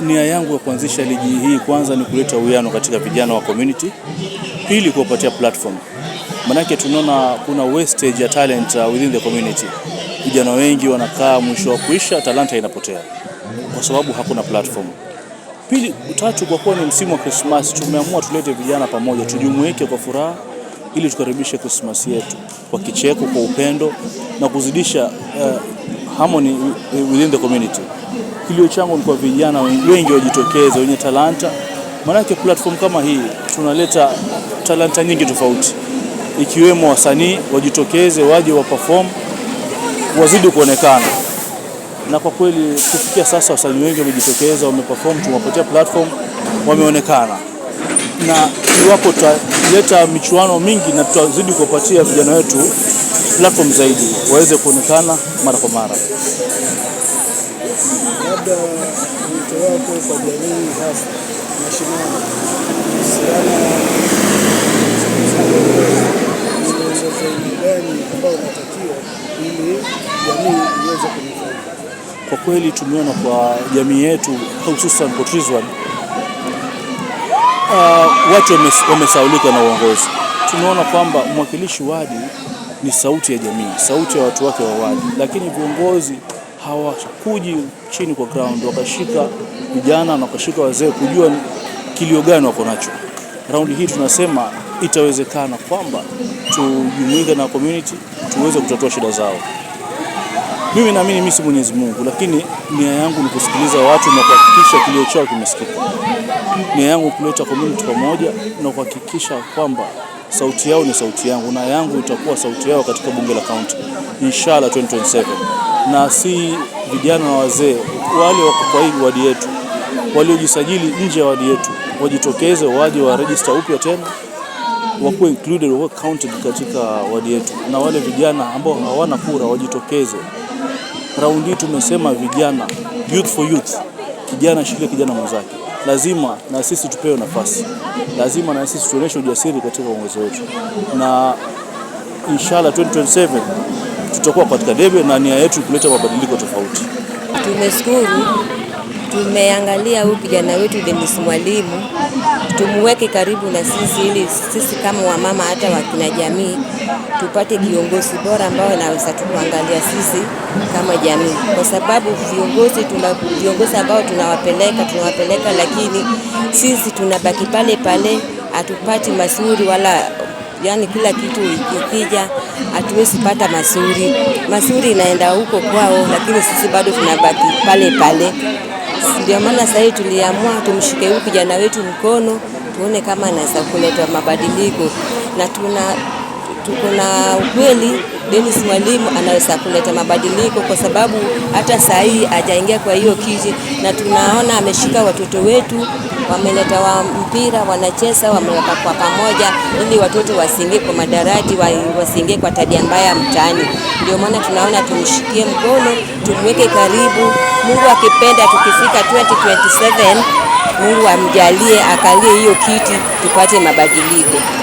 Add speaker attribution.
Speaker 1: nia yangu ya kuanzisha ligi hii kwanza ni kuleta uwiano katika vijana wa community, pili kuwapatia platform, manake tunaona kuna wastage ya talent uh, within the community. Vijana wengi wanakaa, mwisho wa kuisha talanta inapotea kwa sababu hakuna platform. Pili, tatu, kwa kuwa ni msimu wa Christmas, tumeamua tulete vijana pamoja, tujumuike kwa furaha ili tukaribishe Christmas yetu kwa kicheko, kwa upendo na kuzidisha uh, harmony within the community. Kilio changu ni kwa vijana wengi wajitokeze, wenye talanta, maanake platform kama hii tunaleta talanta nyingi tofauti, ikiwemo wasanii wajitokeze, waje wa perform, wazidi kuonekana. Na kwa kweli kufikia sasa wasanii wengi wamejitokeza, wameperform, tumewapatia platform, wameonekana na iwapo tutaleta michuano mingi na tutazidi kuwapatia vijana wetu platform zaidi waweze kuonekana mara kwa mara labda wito wako kwa jamii hasa mashinani kuhusiana gani ambao unatakiwa ili jamii iweze kunufaika? Kwa kweli tumeona kwa jamii yetu hususan Port Uh, watu wamesaulika na uongozi. Tunaona kwamba mwakilishi wadi ni sauti ya jamii, sauti ya watu wake wa wadi, lakini viongozi hawakuji chini kwa ground, wakashika vijana na wakashika wazee kujua kilio gani wako nacho. Raundi hii tunasema itawezekana kwamba tujumuike na community tuweze kutatua shida zao. Mimi naamini mimi si Mwenyezi Mungu, lakini nia yangu ni kusikiliza watu na kuhakikisha kilio chao kimesikika. Nia yangu kuleta community pamoja na kuhakikisha kwamba sauti yao ni sauti yangu na yangu itakuwa sauti yao katika bunge la kaunti inshallah 2027 na si vijana na wazee wale wako kwa hii wadi yetu waliojisajili nje ya wadi yetu wajitokeze waje wa register upya tena wakuwe included wa counted katika wadi yetu, na wale vijana ambao hawana kura wajitokeze. Raundi tumesema vijana, youth for youth kijana shikilia kijana mwenzake. Lazima na sisi tupewe nafasi, lazima na sisi tuonyeshe ujasiri katika uongozi wetu, na inshallah 2027 tutakuwa katika debe na nia yetu kuleta mabadiliko tofauti.
Speaker 2: Tumeshukuru tumeangalia huyu kijana wetu Dennis Mwalimu tumweke karibu na sisi, ili sisi kama wamama hata wakina jamii tupate kiongozi bora ambao anaweza tukuangalia sisi kama jamii, kwa sababu viongozi tuna viongozi ambao tunawapeleka tunawapeleka, lakini sisi tunabaki pale pale, hatupati mazuri wala yani kila kitu ikija hatuwezi pata mazuri. Mazuri inaenda huko kwao, lakini sisi bado tunabaki pale pale. Ndio maana sasa hivi tuliamua tumshike huyu kijana wetu mkono, tuone kama anaweza kuleta mabadiliko na tuna tuko na ukweli, Dennis mwalimu anaweza kuleta mabadiliko, kwa sababu hata saa hii hajaingia kwa hiyo kiti, na tunaona ameshika watoto wetu, wameleta wa mpira wanacheza, wameleta kwa pamoja, ili watoto wasiingie kwa madaraji, wasiingie kwa tabia mbaya mtaani. Ndio maana tunaona tumshikie mkono, tumweke karibu. Mungu akipenda, tukifika 2027 Mungu amjalie akalie hiyo kiti, tupate mabadiliko.